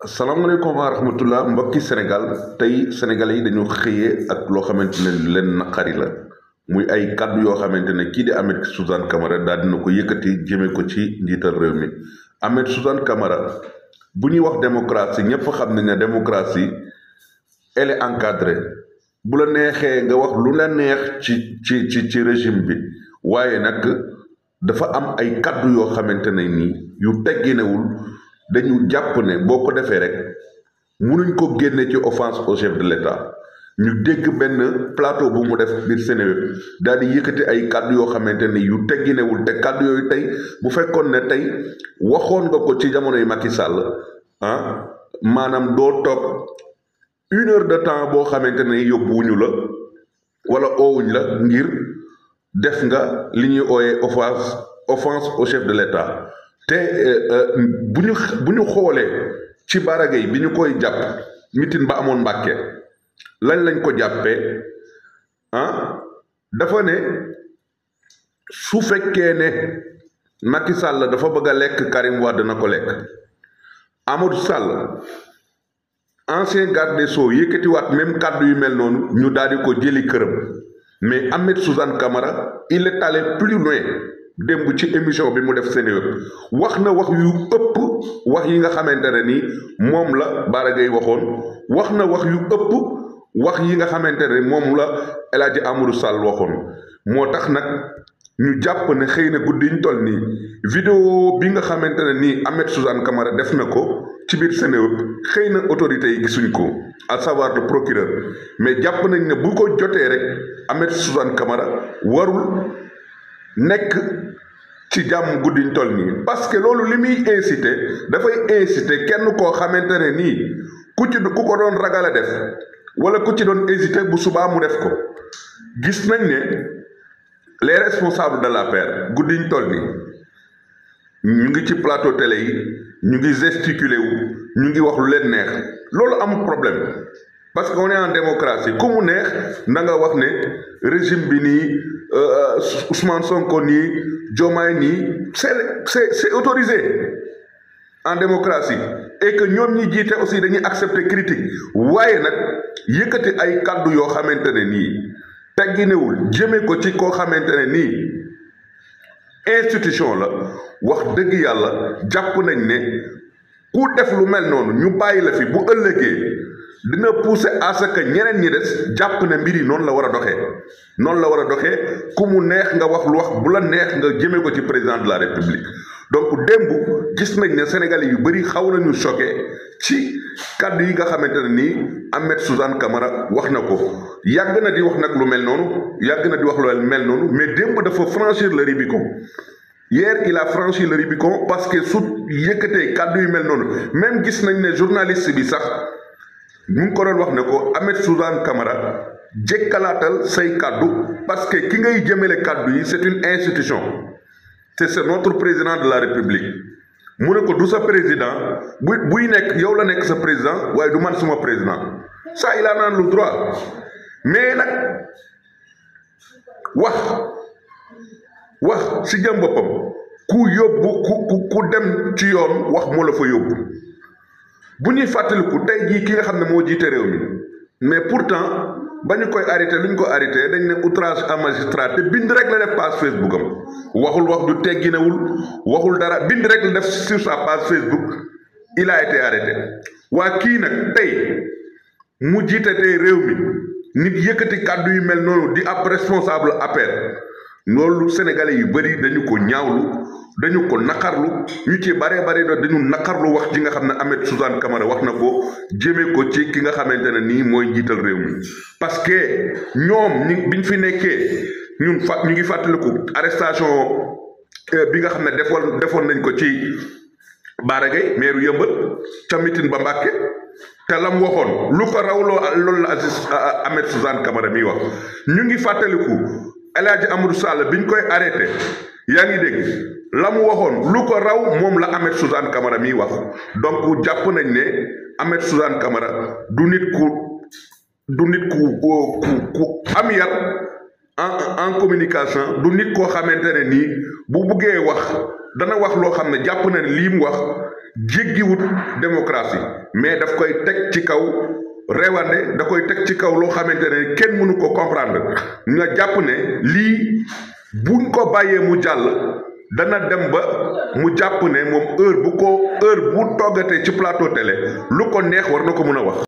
salaamaaleykum wa rahmatullah mbokki Sénégal tey sénégalais yi dañu xëyee ak loo xamante ne leen naqari la muy ay kàddu yoo xamante ne kii di Ahmed Suzanne Camara daal dina ko yëkkati jëmee ko ci njiital réew mi Ahmed Suzanne Camara bu ñuy wax démocratie ñëpp xam ne ne démocratie elle est encadrée bu la neexee nga wax lu la neex ci ci ci ci régime bi waaye nag dafa am ay kàddu yoo xamante ne nii yu tegginewul dañu jàpp ne boo ko defee rek mënuñ ko génne ci offense au chef de l'État ñu dégg benn plateau bu mu def biir Seneweb daal di yëkkati ay kàddu yoo xamante ni yu tegginewul te kàddu yooyu tey bu fekkoon ne tey waxoon nga ko ci jamonoy Macky Sall ah maanaam doo toog une heure de temps boo xamante ne yóbbuwuñu la wala oowuñ la ngir def nga li ñuy ooyee offense offense au chef de l'État te eh, eh, bu ñu ñu xoolee ci baragay bi ñu koy jàpp mitin ba amoon Mbàkke lañ lañ ko jàppee ah dafa ne su fekkee ne Macky Sall dafa bëgg a lekk Karim Wade na ko lekk amatu Sall ancien garde des Sceaux yëkkatiwaat même kàddu yu mel noonu ñu daal di ko jëli këram mais Ahmed Suzanne Camara il est allé plus loin démb ci émission bi mu def Seneweb wax na wax yu ëpp wax yi nga xamante ne ni moom la Bara Gaye waxoon wax na wax yu ëpp wax yi nga xamante ne moom la El amulu Amadou waxoon moo tax nag ñu jàpp ne xëy na guddi ñu toll nii video bi nga xamante ne nii Ahmed Suzanne Camara def na ko ci biir Seneweb xëy na autorités yi gisuñ ko à savoir le procureur mais jàpp nañ ne bu ko jotee rek Ahmed Suzanne Camara warul nekk ci jàmm guddiñ toll nii parce que loolu li muy incité dafay incité kenn koo xamante ne nii ku ci ku ko doon ragal a def wala ku ci doon hésité bu subaa mu def ko gis nañ ne les responsables de la l'APR guddiñ toll nii ñu ngi ci plateau télé yi ñu ngi gesticulé wu ñu ngi wax lu leen neex loolu am problème parce que on est en démocratie ku mu neex na nga wax ne régime bi nii Euh, Ousmane Sonko nii Diomaye nii c'est c'est c'est autorisé en démocratie et que ñoom ñi jiite aussi dañuy accepter critique waaye nag yëkkati ay kàddu yoo xamante ne nii tegginewul jëmee ko ci koo xamante ne nii institution la wax dëgg yàlla jàpp nañ ne ku def lu mel noonu ñu bàyyi la fi bu ëllëgee dina pousser à ñeneen ñi des jàpp na mbir yi noonu la war a doxee noonu la war a doxe ku mu neex nga wax lu wax bu la neex nga jëmee ko ci président de la république donc démb gis nañ ne sénégalais yu bëri xaw nañu choqué ci kàddu yi nga xamante ne nii Ahmed Suzanne kamara wax na ko yàgg na di wax nag lu mel noonu yàgg na di wax lu mel noonu mais démb dafa franchir le Rubicon hier il a franchi le Rubicon parce que su yëkkatee kàddu yu mel noonu même gis nañ ne journaliste bi sax. ñu ngi ko doon wax ne ko Ahmed Suzanne Camara jëkkalaatal say kàddu parce que ki ngay jëmale kàddu yi c'est une institution te c'est notre président de la république mu ne ko du sa président bu buy nekk yow la nekk sa président waaye du man suma président ça il a naan le droit mais nag wax wax si jëm boppam ku yóbbu ku ku dem ci yoon wax moo la fa yóbbu bu ñuy fàttaliku tey jii ki nga xam ne moo jiite réew mi mais pourtant ba ñu koy arrêté lu ñu ko arrêté dañ ne outrage à magistrat te bind rek la def page Facebook am waxul wax du tegginawul waxul dara bind rek la def sur sa page Facebook il a été waa kii nag tey mu jiite tey réew mi nit yëkkati kàddu yu mel noonu di ab responsable APR loolu sénégalais yu bëri dañu ko ñaawlu. dañu ko naqarlu ñu ci baree bari na dañu naqarlu wax ji nga xam ne Ahmed Suzanne Camara wax na ko jéeme ko ci ki nga xamante ne nii mooy njiital réew mi parce que ñoom bi ñu fi nekkee ñun ñu ngi fàttaliku arrestation euh, bi nga xam ne defoon defoon nañ ko ci Bara Gaye meeru yëmbal ca mitin ba Mbàkke te lam waxoon lu ko loolu la Aziz euh, euh, Ahmed Suzanne Camara miy ñu ngi fàttaliku El Hadj Amadou Sall biñ koy arrêté yaa ngi dégg la mu waxoon lu ko raw moom la Ahmed Suzanne kamara mi wax donc jàpp nañ ne Ahmed Suzanne Camara du nit ku du nit ku ku am yar en en communication du nit koo xamante ne nii bu buggee wax dana wax loo xam ne jàpp na lii mu wax jéggiwut démocratie mais daf koy teg ci kaw réewande da koy teg ci kaw loo xamante ne kenn mënu ko comprendre nga jàpp ne lii buñ ko bàyyee mu jàll. dana dem ba mu jàpp ne moom heure bu ko heure bu toggatee ci plateau télé lu ko neex war na ko mën a wax